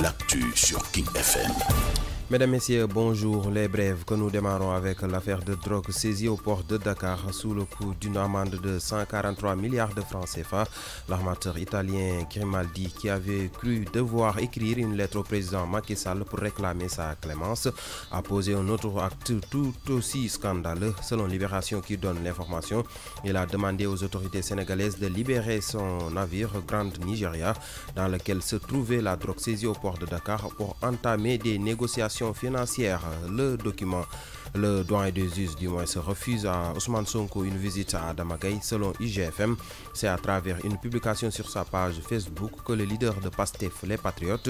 l'actu sur King FM. Mesdames, Messieurs, bonjour. Les brèves que nous démarrons avec l'affaire de drogue saisie au port de Dakar sous le coup d'une amende de 143 milliards de francs CFA. L'armateur italien Grimaldi, qui avait cru devoir écrire une lettre au président Macky Sall pour réclamer sa clémence, a posé un autre acte tout aussi scandaleux. Selon Libération qui donne l'information, il a demandé aux autorités sénégalaises de libérer son navire Grande Nigeria dans lequel se trouvait la drogue saisie au port de Dakar pour entamer des négociations financière. Le document le doyen des us du moins se refuse à Ousmane Sonko une visite à Damagay selon IGFM. C'est à travers une publication sur sa page Facebook que le leader de PASTEF, les Patriotes,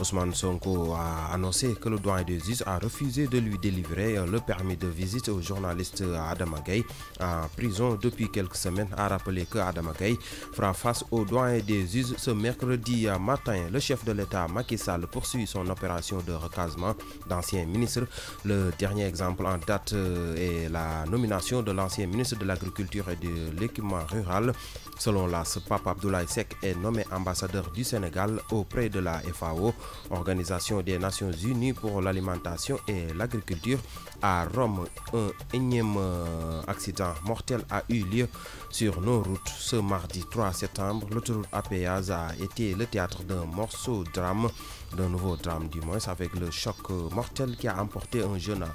Ousmane Sonko a annoncé que le doyen des us a refusé de lui délivrer le permis de visite au journaliste Adam Gaye en prison depuis quelques semaines a rappelé que Adam fera face au doyen des us ce mercredi matin. Le chef de l'État Macky Sall poursuit son opération de recasement d'anciens ministres. Le dernier exemple en date et euh, la nomination de l'ancien ministre de l'Agriculture et de l'Équipement rural. Selon la papa Abdoulaye Sek est nommé ambassadeur du Sénégal auprès de la FAO, Organisation des Nations Unies pour l'alimentation et l'agriculture. À Rome, un énième euh, accident mortel a eu lieu sur nos routes ce mardi 3 septembre. L'autoroute à a été le théâtre d'un morceau drame, d'un nouveau drame du moins, avec le choc euh, mortel qui a emporté un jeune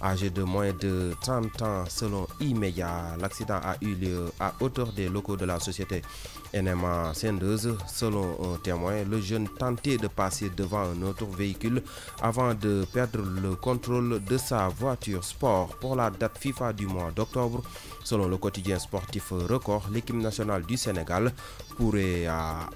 Âgé de moins de 30 ans selon Imeya, l'accident a eu lieu à hauteur des locaux de la société NMA Sendeuse. Selon un témoin, le jeune tentait de passer devant un autre véhicule avant de perdre le contrôle de sa voiture sport pour la date FIFA du mois d'octobre. Selon le quotidien sportif Record, l'équipe nationale du Sénégal pourrait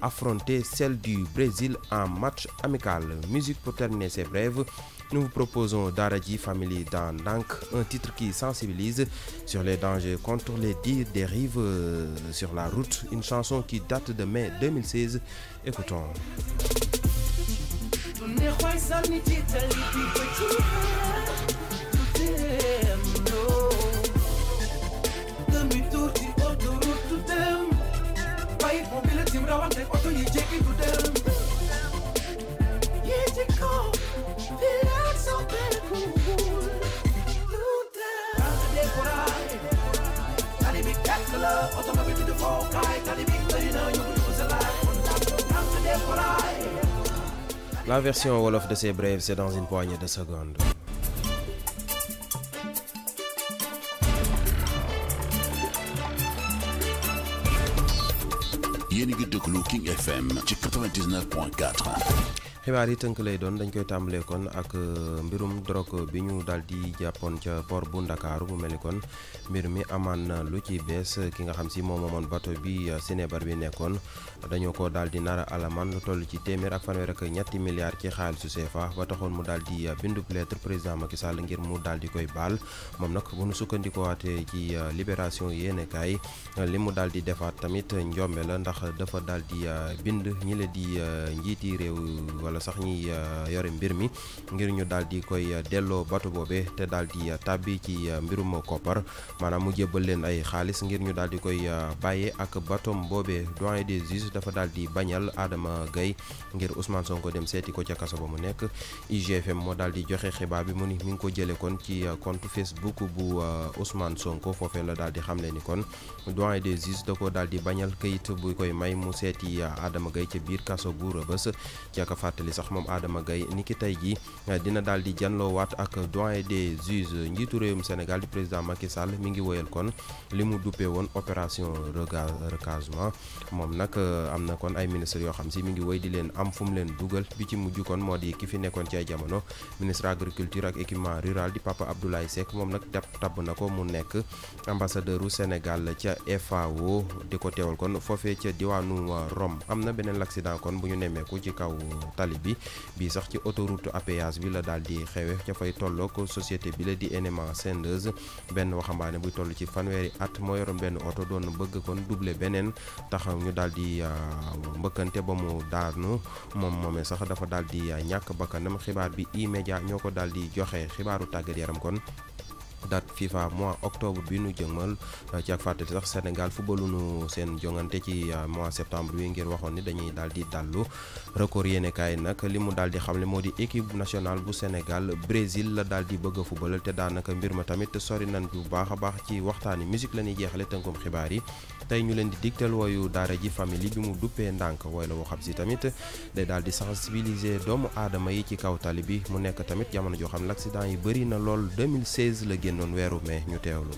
affronter celle du Brésil en match amical. Musique pour terminer ses brèves nous vous proposons Daraji Family dans Dank, un titre qui sensibilise sur les dangers contre les dérives euh, sur la route, une chanson qui date de mai 2016. Écoutons. La version Wolof de ces brèves, c'est dans une poignée de secondes. yéen de ngi FM 99.4 xibaar yi tënk lay doon dañ koy tàmbalee kon ak euh, mbirum drogue bi ñu daal di jàppoon ca port bu Ndakaaru bu mel ni kon mbir mi amaan na lu ci bees ki nga xam si moom moomoon bato bi euh, Sénébar bi nekkoon dañoo ko daal di nara alamaan lu toll ci téeméer ak fanweer ak ñetti milliards ci xaalisu CFA ba taxoon mu daal di euh, bindub lettre président Macky Sall ngir mu daal di koy baal moom nag bu nu sukkandikoo ci libération yéenekaay li mu daal di defaat tamit njombe la ndax dafa daal di bind ñi la di njiiti réew wala sax ñiy euh, yore mbir mi ngir ñu daal di koy euh, delloo bato boobe te daal di euh, tàbbi ci mbirum koppar maanaam mu jébbal leen ay xaalis ngir ñu daal di koy bàyyee ak batom boobee doyen des juges dafa daal di bañal aadama gay ngir Ousmane Sonko dem seeti ko ca kaso ba mu nekk IGFM moo daal di joxe xibaar bi mu ni mi ngi ko jële kon ci compte Facebook bu Ousmane Sonko foofee la daal di xamle ni kon doyen da ko daal di bañal kayit bu koy may mu seeti Adama Gaye ca biir kaso bu Rebeuss ca ka fàtte fàttali sax moom Adama gay ni ki tey jii eh, dina daal di janloowaat ak doyen des juges njiitu réewum Sénégal di président Macky Sall mi ngi woyal kon li mu duppee woon opération recasement moom nag eh, am na kon ay ministre yoo xam si mi ngi woy di leen am fu mu leen dugal bi ci mujj kon moo di ki fi nekkoon ci ay jamono ministre agriculture ak équipement rural di Papa Abdoulaye Seck moom nag tab tab na ko mu nekk ambassadeuru Sénégal ca FAO di ko teewal kon foofee ca diwaanu Rome am na beneen accident kon bu ñu nemmeeku ci kaw bi bii sax ci autoroute à péage bi la daal di xewe ca fay tolloog société bi la di NMA Sendeuse benn waxambaane buy toll ci fanweeri at moo yoroon benn oto doon bëgg kon doublé beneen taxaw ñu daal di euh, mbëkkante ba mu daanu moom moomee sax dafa daal di euh, ñàkk bakkanam xibaar bi e ñoo ko daal di joxe xibaaru tàggat yaram kon date FIFA mois octobre bi nu jëmmal ci ak fàttali sax Sénégal footballu nu seen jongante ci mois septembre wi ngir waxon ni dañuy daal di dallu record yene kay nak limu daal di xamle moo di équipe nationale bu Sénégal Brésil la daal di bëgg footballal fubal te daanaka mbir ma tamit sori nañ bu baaxa baax ci waxtaani musique la jéxalé jeexale tënkum xibaar yi tay ñu leen di diktal woyu daara ji family bi mu duppé ndànk way la woo xam si tamit day daal di sensibiliser doomu adama yi ci kaw talibi mu nekk tamit jamono jo xam l'accident yi bari na lool 2016 la génn doon weeru mai ñu teewlu.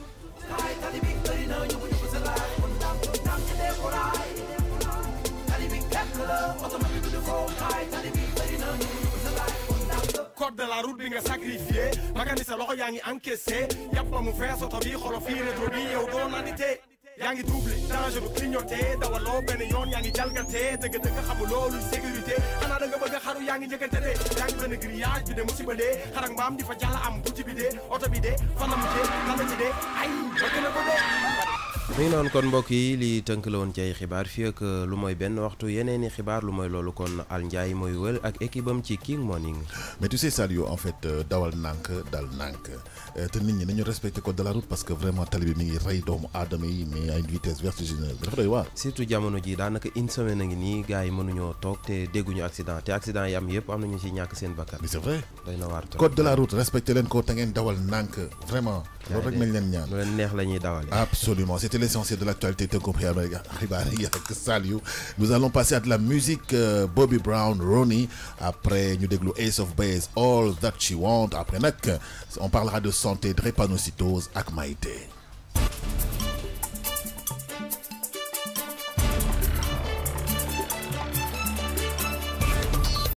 code de la route bi nga sacrifié magani yaa ngi encaissé yàppa mu fees oto bi xolo fii rétro bi yow doo nandite yaa ngi doublé danger bu clignoté dawaloo benn yoon yaa ngi jalgatee dëgg dëgg xamuloo lu sécurité xanaa da nga bëgg a xaru yaa ngi njëkkante de yaa ngi benn grillage bi de musiba dee xarak mbaam di fa am buti bi dee oto bi dee fan la mujjee lan dee ay bëgg na mi noonu kon mbokk yi li tënk la woon ci ay xibaar fii ak euh, lu mooy benn waxtu yeneen i xibaar lu mooy loolu kon Al Ndiaye mooy wël ak équipe am ci King Morning. mais tu sais Saliou en fait euh, dawal nànk dal nànk euh, te nit ñi nañu respecté code de la route parce que vraiment tali bi mi ngi rey doomu aadama yi mais à une vitesse vertigineuse dafa doy waar. surtout jamono ji daanaka une semaine a ngi nii gars yi mënuñoo toog te dégguñu accident te accident yi am yëpp am nañu ci ñàkk seen bakkan. mais c'est vrai. doy na waar code de la route respecté leen ko te ngeen dawal nànk vraiment absolument c'était l'essentiel de l'actualité tu compris nous allons passer à de la musique euh, Bobby Brown Ronnie après nous, déglu Ace of Base All That She Want après on parlera de santé drépanocytose ak Maïté.